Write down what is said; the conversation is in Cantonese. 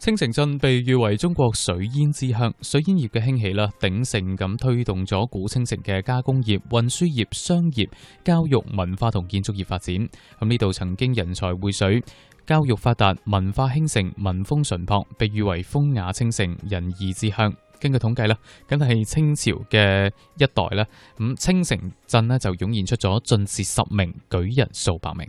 青城鎮被譽為中國水煙之鄉，水煙業嘅興起啦，鼎盛咁推動咗古青城嘅加工業、運輸業、商業、教育、文化同建築業發展。咁呢度曾經人才薈萃，教育發達，文化興盛，民風淳樸，被譽為風雅青城、仁義之鄉。根據統計咧，梗係清朝嘅一代咧，咁青城鎮咧就湧現出咗進士十名，舉人數百名。